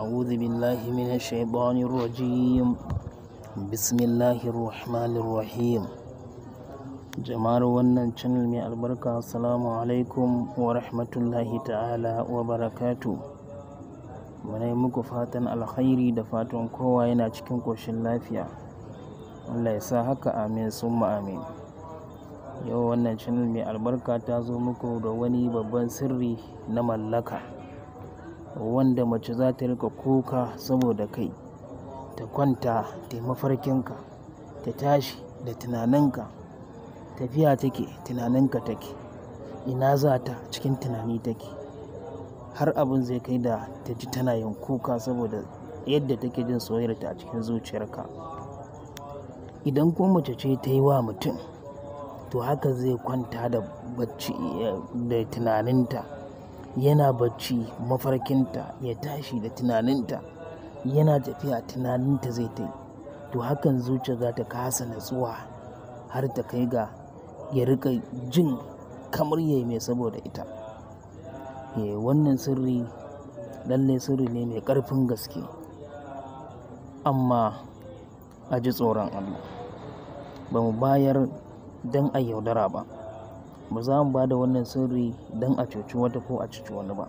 أعوذ بالله من الشيطان الرجيم بسم الله الرحمن الرحيم jama'ar wannan channel mai albarka assalamu alaikum wa rahmatullahi ta'ala wa barakatu muna muku fatan alkhairi da fatan kowa yana cikin koshin lafiya Allah ya haka amin summa amin yau wannan channel mai albarka ta zo muku da wani babban sirri na mallaka wanda mace za ta riƙa kuka saboda kai ta kwanta ta yi mafarkinka ta tashi da tunaninka tafiya take tunaninka take ina za ta cikin tunani take har abin zai kai da ta ji tana yin kuka saboda yadda take jin soyayyarta a cikin zuciyarka idan ko mace ce ta yi wa mutum to haka zai kwanta da eh, tunaninta yana bacci mafarkinta ya tashi da tunaninta yana tafiya tunaninta zai ta yi to hakan zuciya za ta kasa natsuwa har ta kai ga ya rika jin kamar yayi mai saboda ita eh, wannan sirri lallai sirri ne mai ƙarfin gaske amma a ji tsoron allah ba mu bayar don a yaudara ba ba za mu ba da wannan sirri don a cuci wata ko a cuci wani ba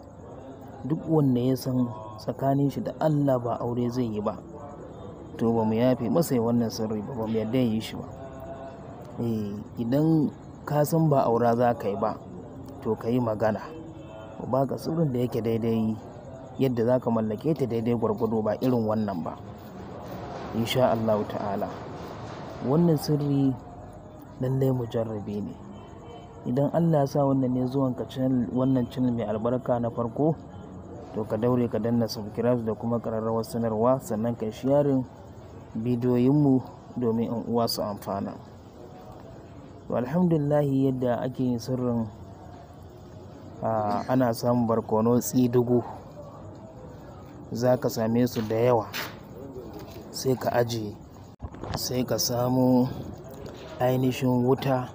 duk wanda ya san tsakanin shi da Allah ba aure zai yi ba to ba mu yafe masa wannan sirri ba ba mu yarda yi shi ba eh idan ka san ba aura za ka yi ba to ka yi magana Ba baka sirrin da yake daidai yadda za ka mallake ta daidai gwargwado ba irin wannan ba insha Allah ta'ala wannan sirri lallai mujarrabe ne idan allah ya sa wannan ne zuwan ka wannan channel mai albarka na farko to ka daure ka danna subscribe da kuma kararrawar sanarwa sannan ka sharing bidiyoyinmu domin in uwa su amfana to alhamdulillah yadda ake yin sirrin ana samun barkono tsidugu za ka same su da yawa sai ka ajiye sai ka samu ainihin wuta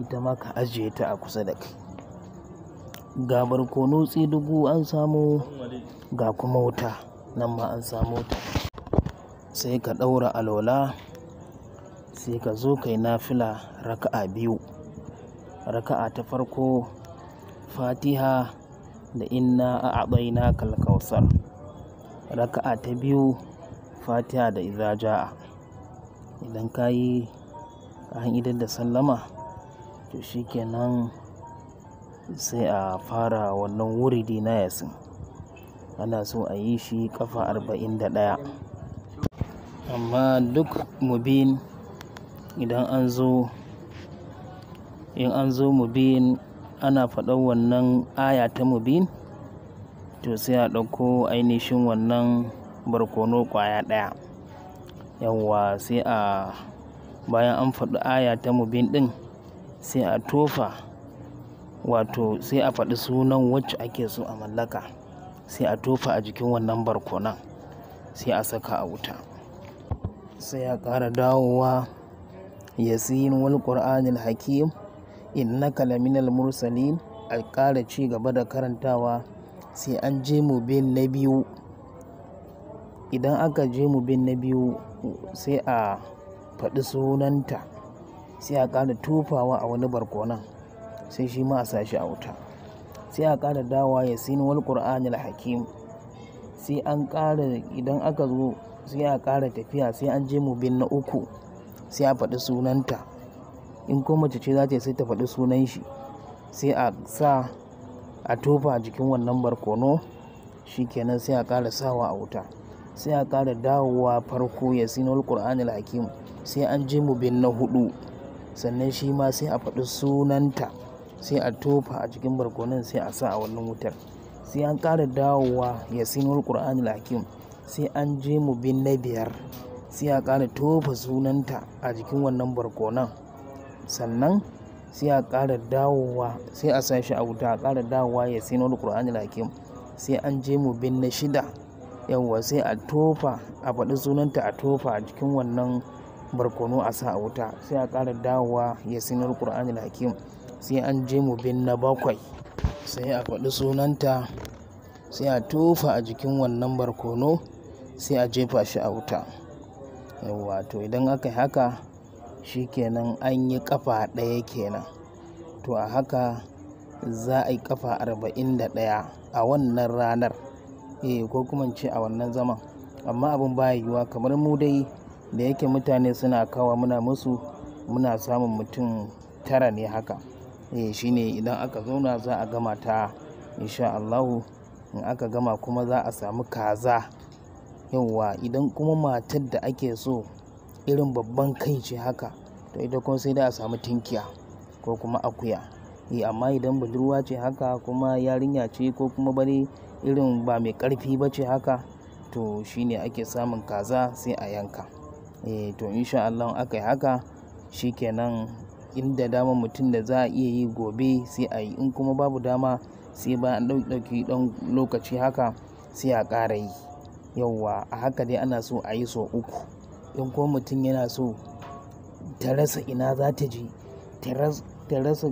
ita ma ka ajiye ta a kusa da kai ga barkono tsidugu an samu ga kuma wuta nan ma an samo ta sai ka ɗaura alola sai ka zo kai nafila raka'a biyu raka'a ta farko fatiha da inna a abaina kalkausar raka'a ta biyu fatiha da izaja'a idan ka yi an idan da sallama to shi kenan sai a fara wannan wuridi na yasin ana so a yi shi kafa arba'in da ɗaya amma duk mubin idan an zo in an zo mubin ana faɗar wannan aya ta mubin to sai a ɗauko ainihin wannan barkono kwaya ɗaya yawwa sai a bayan an faɗi aya ta mubin ɗin sai a tofa wato sai a faɗi sunan wacce ake so a mallaka sai a tofa a jikin wannan barkonan sai a saka a wuta sai a ƙara dawowa yasin wal qur'anil hakim na kalaminal mursalin a ƙara ci gaba da karantawa sai an je mu bin na biyu idan aka je mu bin na biyu sai a faɗi sunanta sai a ƙara tofawa a wani barkonan sai shi ma a sa a wuta sai a ƙara dawa ya sin wal qur'anil hakim sai an ƙara idan aka zo sai a ƙara tafiya sai an je mu bin na uku sai a faɗi sunanta in ko mace ce za ta sai ta faɗi sunan shi sai a sa a tofa a jikin wannan barkono shikenan sai a ƙara sawa a wuta sai a ƙara dawowa farko ya sinol qur'anil hakim sai an je mu bin na hudu sannan shi ma sai a faɗi sunanta sai a tofa a cikin barkonan sai a sa a wannan wutar sai an ƙara dawowa ya sinuwar ƙur'anul hakim sai an je mu bin na biyar sai a ƙara tofa sunanta a jikin wannan barkonan sannan sai a ƙara dawowa sai a sa shi a wuta a ƙara dawowa ya sinuwar ƙur'anul hakim sai an je mu bin na shida yawwa sai a tofa a faɗi sunanta a tofa a jikin wannan barkono a sa a wuta sai a ƙara dawowa ya sinar ƙur'ani hakim sai an je mu bin na bakwai sai a faɗi sunanta sai a tofa a jikin wannan barkono sai a jefa shi a wuta yawwa to idan aka yi haka shi kenan an yi kafa ɗaya kenan to a haka za a yi kafa arba'in da ɗaya a wannan ranar eh ko kuma ce a wannan zaman amma abin ba yiwuwa kamar mu dai da yake mutane suna kawa muna musu muna samun mutum tara ne haka eh shine idan aka zauna za a gama ta insha Allahu in aka gama kuma za a samu kaza yauwa idan kuma matar da ake so irin babban kai ce haka to ita kuma sai da a samu tinkiya ko kuma akuya e amma idan budurwa ce haka kuma yarinya ce ko kuma bari irin ba mai karfi ba ce haka to shine ake samun kaza sai a yanka eh to insha Allah aka yi haka shi shikenan inda dama mutum da za a iya yi gobe sai a yi in kuma babu dama sai ba an ɗauki ɗan lokaci haka sai a ƙara yi yauwa a haka dai ana so a yi so uku in kuma mutum yana so ta rasa ina za ta je ta rasa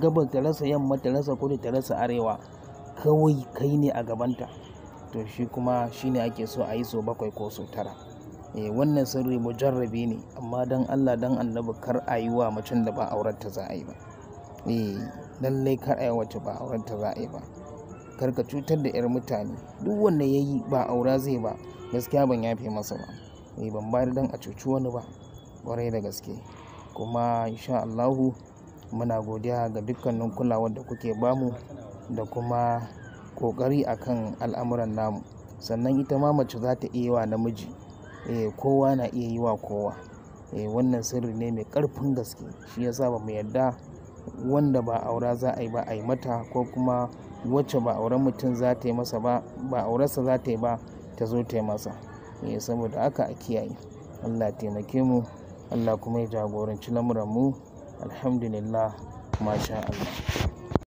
gabas ta rasa yamma ta rasa kudu ta rasa arewa kawai kai ne a gabanta to shi kuma shine ake so a yi so bakwai ko so tara Eh, wannan sirri mujarrabi ne amma don Allah don annabi kar a yi wa macen da ba aurenta za a yi ba e eh, lallai kar a yi wacce ba aurenta za a yi ba kar ka cutar da yar mutane duk wanda ya yi ba aura zai ba gaskiya ban yafe masa ba e ban bari don a cuci wani ba kwarai da gaske kuma insha Allahu muna godiya ga dukkanin kulawar da kuke bamu da kuma kokari akan al'amuran namu sannan ita ma mace za ta iya wa namiji Eh, kowa na iya yi wa kowa eh, wannan sirri ne mai ƙarfin gaske shi yasa ba mu yarda wanda ba aura za a yi ba a yi mata ko kuma wacce ba auren mutum za ta yi masa ba ba aurarsa za ta yi ba ta zo ta yi masa eh, saboda haka a kiyaye Allah taimake mu Allah kuma ya jagoranci lamuran mu alhamdulillah masha Allah